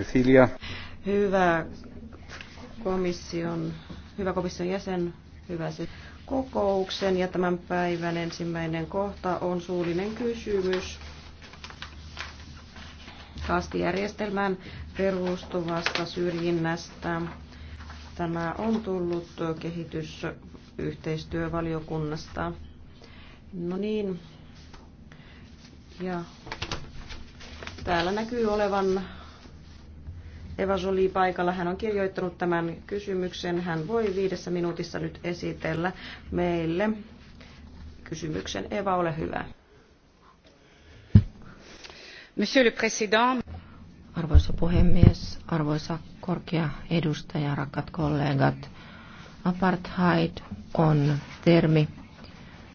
Cecilia. Hyvä komission, hyvä komission jäsen, hyvä se kokouksen ja tämän päivän ensimmäinen kohta on suullinen kysymys kastijärjestelmään perustuvasta syrjinnästä. Tämä on tullut kehitysyhteistyövaliokunnasta. No niin. Ja täällä näkyy olevan Eva Jolie paikalla. Hän on kirjoittanut tämän kysymyksen. Hän voi viidessä minuutissa nyt esitellä meille kysymyksen. Eva, ole hyvä. Monsieur le Président. Arvoisa puhemies, arvoisa korkea edustaja, rakkaat kollegat. Apartheid on termi,